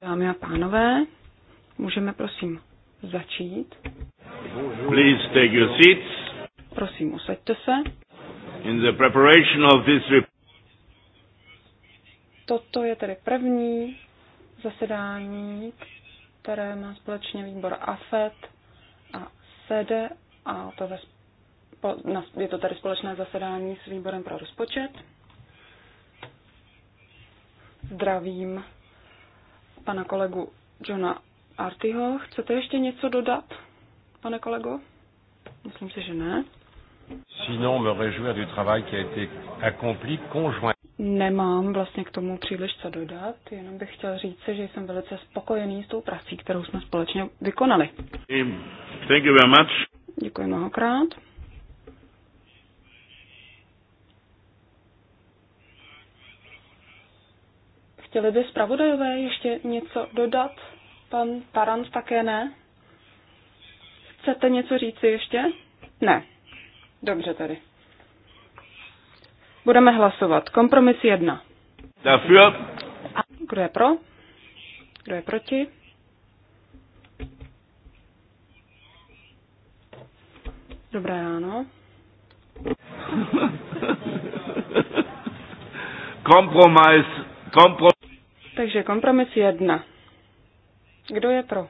Dámy a pánové, můžeme prosím začít. Please take your seats. Prosím, usaďte se. In the preparation of this report. Toto je tedy první zasedání, které má společně výbor AFET a SEDE a to ve, je to tady společné zasedání s výborem pro rozpočet zdravím pana kolegu Johna Artyho. Chcete ještě něco dodat, pane kolego? Myslím si, že ne. Sinon, me réjouir du travail qui a été accompli conjoint. Nemám vlastně k tomu příliš co dodat, jenom bych chtěl říct, že jsem velice spokojený s tou prací, kterou jsme společně vykonali. Thank you very much. Děkuji mnohokrát. Chtěli by zpravodajové ještě něco dodat? Pan Parant také ne? Chcete něco říci ještě? Ne. Dobře tedy. Budeme hlasovat. Kompromis jedna. Dafür. Kdo je pro? Kdo je proti? Dobré ráno. Kompromis, kompromis. Takže kompromis jedna. Kdo je pro?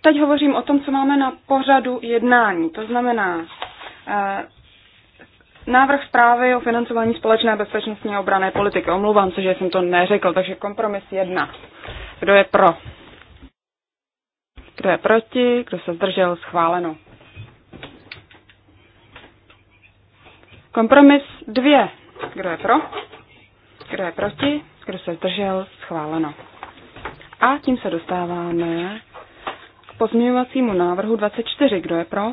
Teď hovořím o tom, co máme na pořadu jednání. To znamená eh, návrh zprávy o financování společné bezpečnostní a obrané politiky. Omlouvám se, že jsem to neřekl, takže kompromis jedna. Kdo je pro? Kdo je proti? Kdo se zdržel? Schváleno. Kompromis 2. Kdo je pro? Kdo je proti? Kdo se zdržel? Schváleno. A tím se dostáváme k pozměňovacímu návrhu 24. Kdo je pro?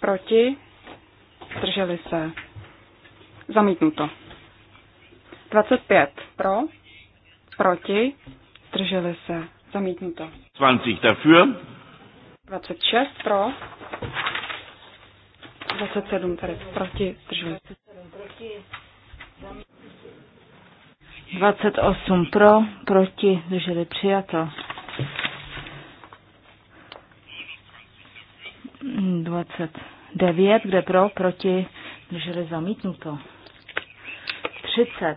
Proti? Zdrželi se. Zamítnuto. 25. Pro? Proti? Zdrželi se. Zamítnuto. 20 dafür. 26 pro. 27 tady proti, zdrželi se. 28 pro, proti, drželi přijato. 29, kde pro, proti, drželi zamítnuto. 30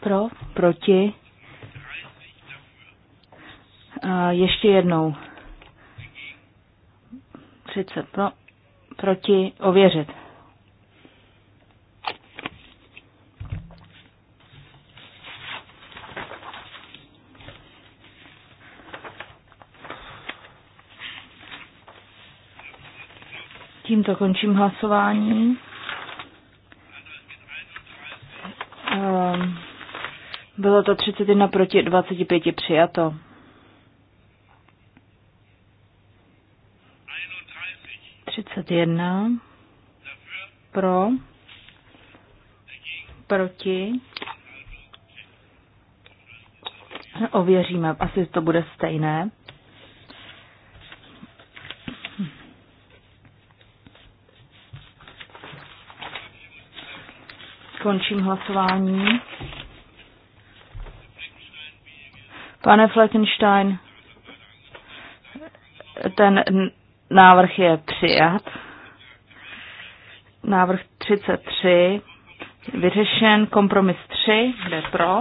pro, proti, ještě jednou. 30 pro, proti ověřit. Tímto končím hlasování. Ehm, bylo to 31 proti 25 přijato. 1 pro, proti, ověříme, asi to bude stejné. Končím hlasování. Pane Fleckenstein, ten návrh je přijat. Návrh 33 vyřešen. Kompromis 3, kde pro.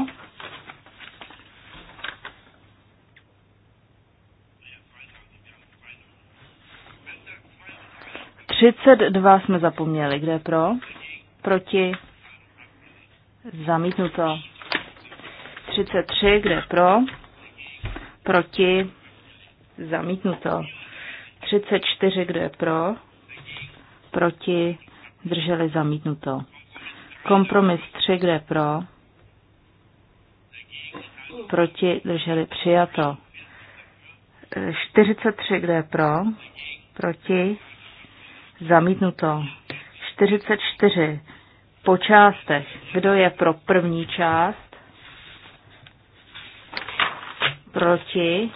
Třicet dva jsme zapomněli. Kde pro? Proti? Zamítnuto. 33, kde pro? Proti? Zamítnuto. 34, kde pro? Proti? zdrželi zamítnuto. Kompromis 3, kde pro, proti, zdrželi přijato. 43, kde pro, proti, zamítnuto. 44, po částech. Kdo je pro první část? Proti,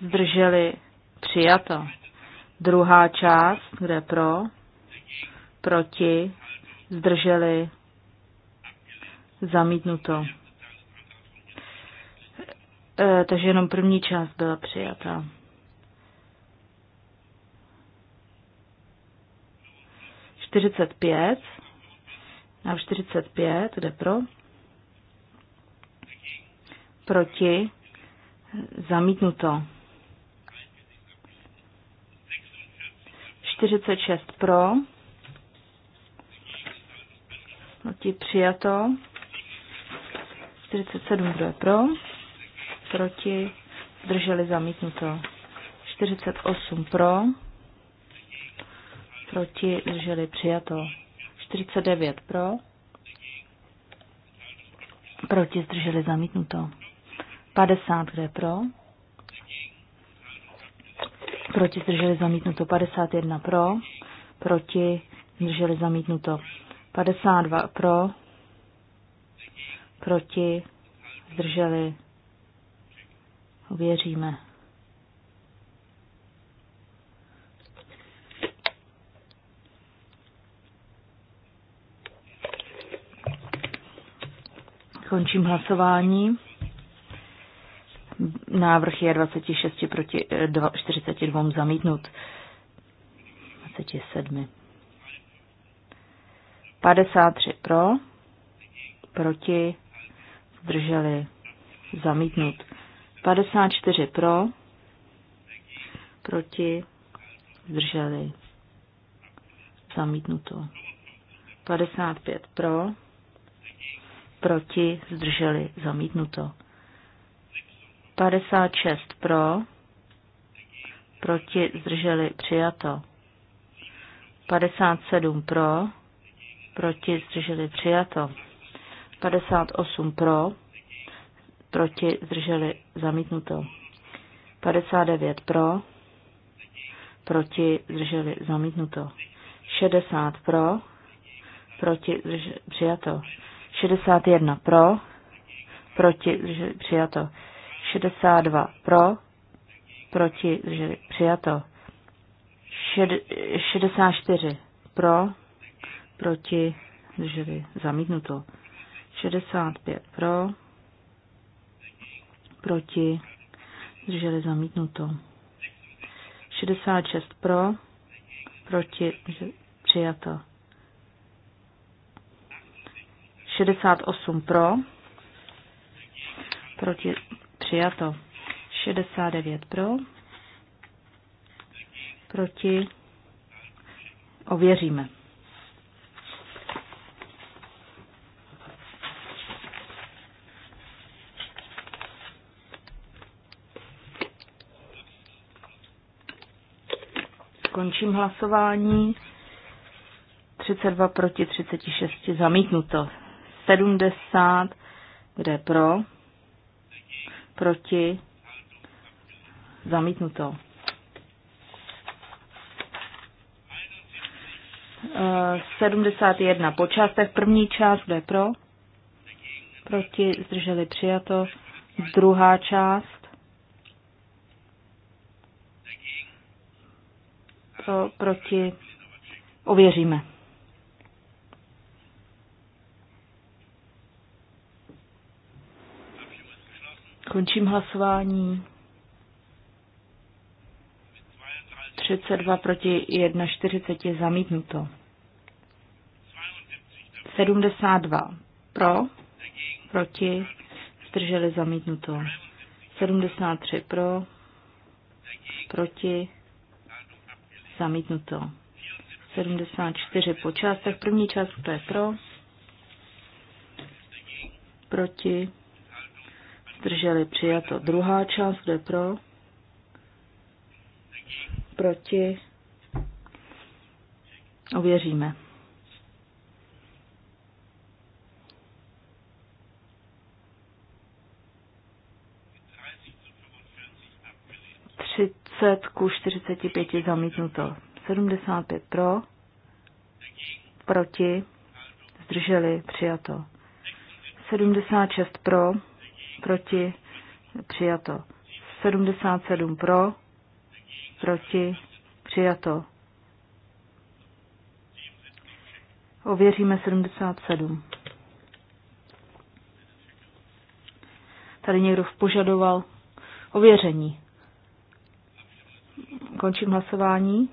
zdrželi přijato. Druhá část kdo je pro? Proti? Zdrželi? Zamítnuto. E, takže jenom první část byla přijata. Čtyřicet pět. A 45, kde pro? Proti. Zamítnuto. 46 pro, proti přijato, 47 kdo je pro, proti, zdrželi zamítnuto, 48 pro, proti, zdrželi přijato, 49 pro, proti, zdrželi zamítnuto, 50 kde pro, proti zdrželi zamítnuto 51 pro, proti zdrželi zamítnuto 52 pro, proti zdrželi, věříme. Končím hlasování. Návrh je 26 proti 42 eh, zamítnut. 27. 53 pro, proti, zdrželi, zamítnut. 54 pro, proti, zdrželi, zamítnuto. 55 pro, proti, zdrželi, zamítnuto. 56 pro, proti zdrželi přijato. 57 pro, proti zdrželi přijato. 58 pro, proti zdrželi zamítnuto. 59 pro, proti zdrželi zamítnuto. 60 pro, proti zdrželi přijato. 61 pro, proti zdrželi přijato. 62 pro, proti, že přijato. Šed, 64 pro, proti, zdrželi, zamítnuto. 65 pro, proti, zdrželi, zamítnuto. 66 pro, proti, přijato. 68 pro, proti, přijato. 69 pro, proti, ověříme. Končím hlasování. 32 proti 36 zamítnuto. 70, kde pro, proti, zamítnuto. Uh, 71 po částech. První část, jde pro? Proti, zdrželi přijato. Druhá část. Pro, proti, ověříme. Končím hlasování. 32 proti je zamítnuto. 72 pro, proti, zdrželi zamítnuto. 73 pro, proti, zamítnuto. 74 po částech. První část, to je pro, proti, zdrželi přijato. Druhá část, kde pro, proti, ověříme. Třicet ku 45 zamítnuto. 75 pro, proti, zdrželi, přijato. 76 pro, proti, přijato. 77 pro, proti, přijato. Ověříme 77. Tady někdo požadoval ověření. Končím hlasování.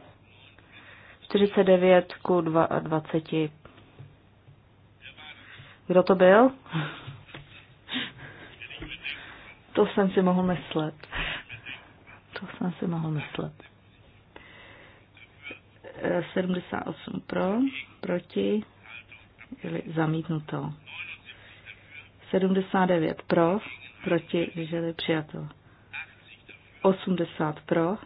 49 ku 20. Kdo to byl? To jsem si mohl myslet. To jsem si mohl myslet. 78 eh, pro, proti, jeli zamítnuto. 79 pro, proti, jeli přijato. 80 pro.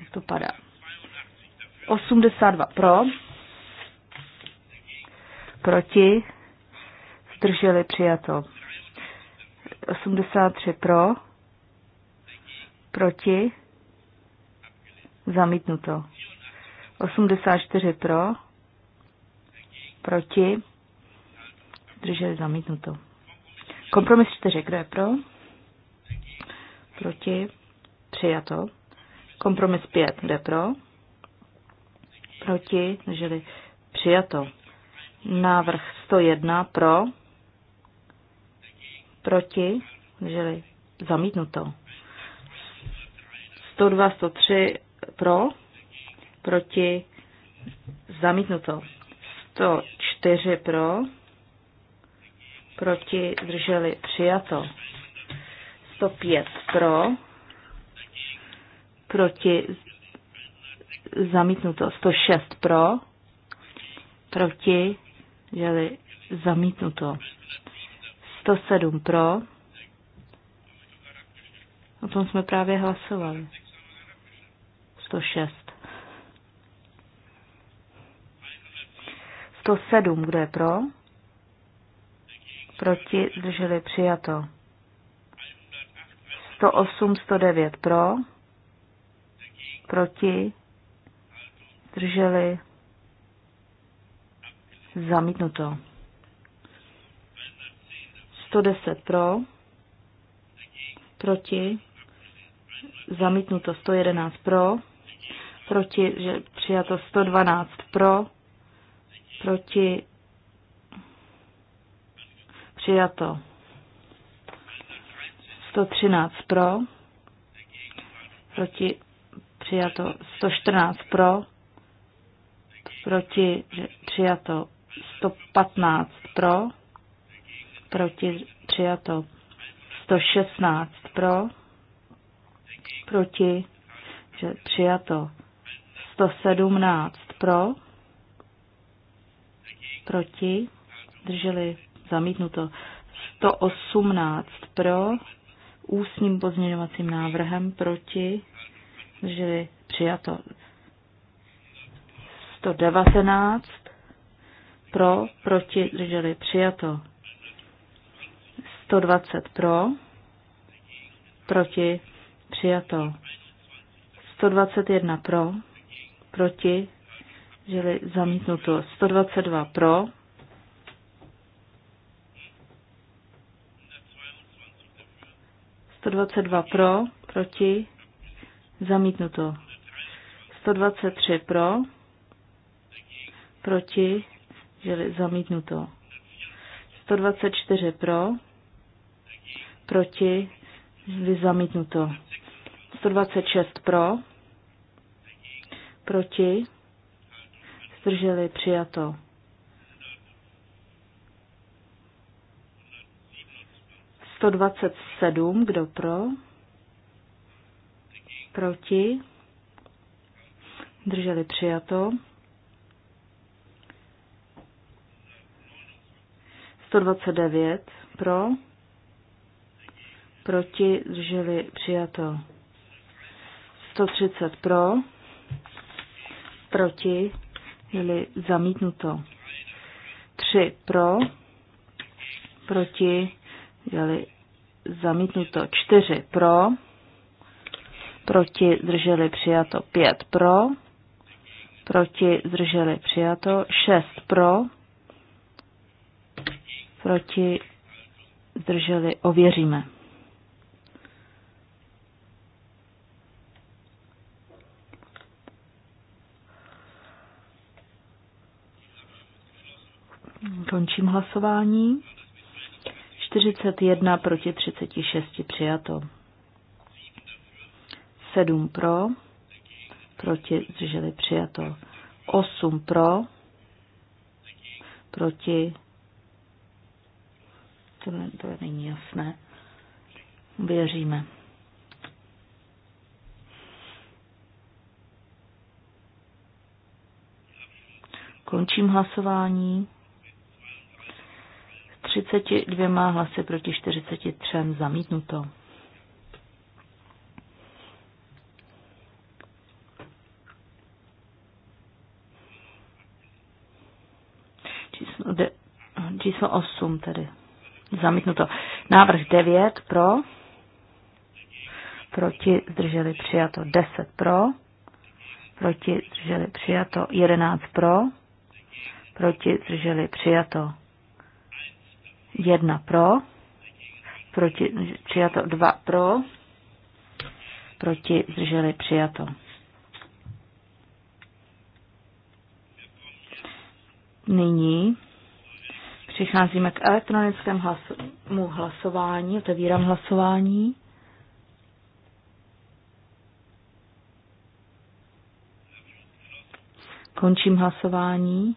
Jak to padá? 82 pro, proti, zdrželi přijato. 83 pro, proti, zamítnuto. 84 pro, proti, zdrželi zamítnuto. Kompromis 4, kdo je pro? Proti, přijato. Kompromis 5, kdo je pro? Proti, zdrželi přijato. Návrh 101 pro, proti, drželi zamítnuto. 102, 103 pro, proti, zamítnuto. 104 pro, proti, drželi přijato. 105 pro, proti, zamítnuto. 106 pro, proti, drželi zamítnuto. 107 pro. O tom jsme právě hlasovali. 106. 107, kdo je pro? Proti, drželi přijato. 108, 109 pro. Proti, drželi zamítnuto. 110 pro, proti, zamítnuto 111 pro, proti, že přijato 112 pro, proti, přijato 113 pro, proti, přijato 114 pro, proti, že přijato 115 pro, proti přijato. 116 pro, proti že přijato. 117 pro, proti, drželi zamítnuto. 118 pro, ústním pozměňovacím návrhem proti, drželi přijato. 119 pro, proti, drželi přijato. 120 pro, proti, přijato. 121 pro, proti, žili zamítnuto. 122 pro, 122 pro, proti, zamítnuto. 123 pro, proti, žili zamítnuto. 124 pro, proti, byli zamítnuto. 126 pro, proti, zdrželi přijato. 127, kdo pro, proti, drželi přijato. 129 pro, proti, zdrželi, přijato. 130 pro, proti, byli zamítnuto. 3 pro, proti, byli zamítnuto. 4 pro, proti, zdrželi, přijato. 5 pro, proti, zdrželi, přijato. 6 pro, proti, zdrželi, ověříme. Končím hlasování. 41 proti 36 přijato. 7 pro, proti zdrželi přijato. 8 pro, proti, to, to není jasné, věříme. Končím hlasování. 32 hlasy proti 43 zamítnuto. Číslo, de, číslo 8 tedy. Zamítnuto. Návrh 9 pro. Proti zdrželi přijato 10 pro. Proti zdrželi přijato 11 pro. Proti zdrželi přijato Jedna pro, proti, přijato dva pro, proti zdrželi přijato. Nyní přicházíme k elektronickému hlasu, hlasování. Otevírám hlasování. Končím hlasování.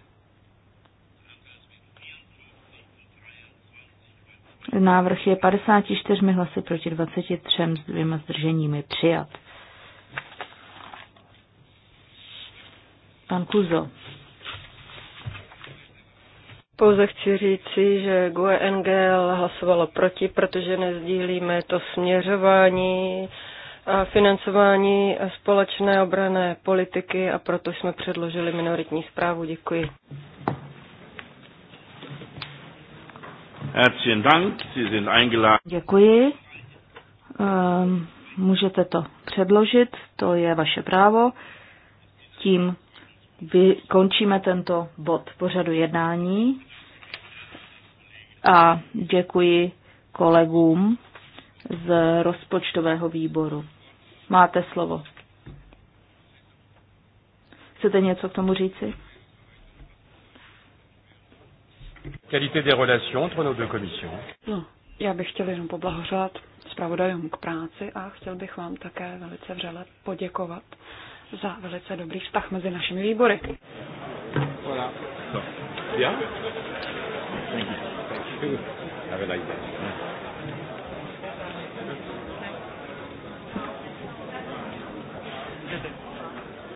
Návrh je 54 hlasy proti 23 s dvěma zdrženími přijat. Pan Kuzo. Pouze chci říci, že GUE NGL hlasovalo proti, protože nezdílíme to směřování a financování společné obrané politiky a proto jsme předložili minoritní zprávu. Děkuji. Herzlichen Dank, Sie sind eingeladen. Děkuji. Um, můžete to předložit, to je vaše právo. Tím vykončíme tento bod pořadu jednání a děkuji kolegům z rozpočtového výboru. Máte slovo. Chcete něco k tomu říci? qualité des relations entre nos deux commissions. No, já bych chtěl jenom poblahořát zpravodajům k práci a chtěl bych vám také velice vřele poděkovat za velice dobrý vztah mezi našimi výbory. Voilà. Yeah? Thank you. Thank you. Have a nice day.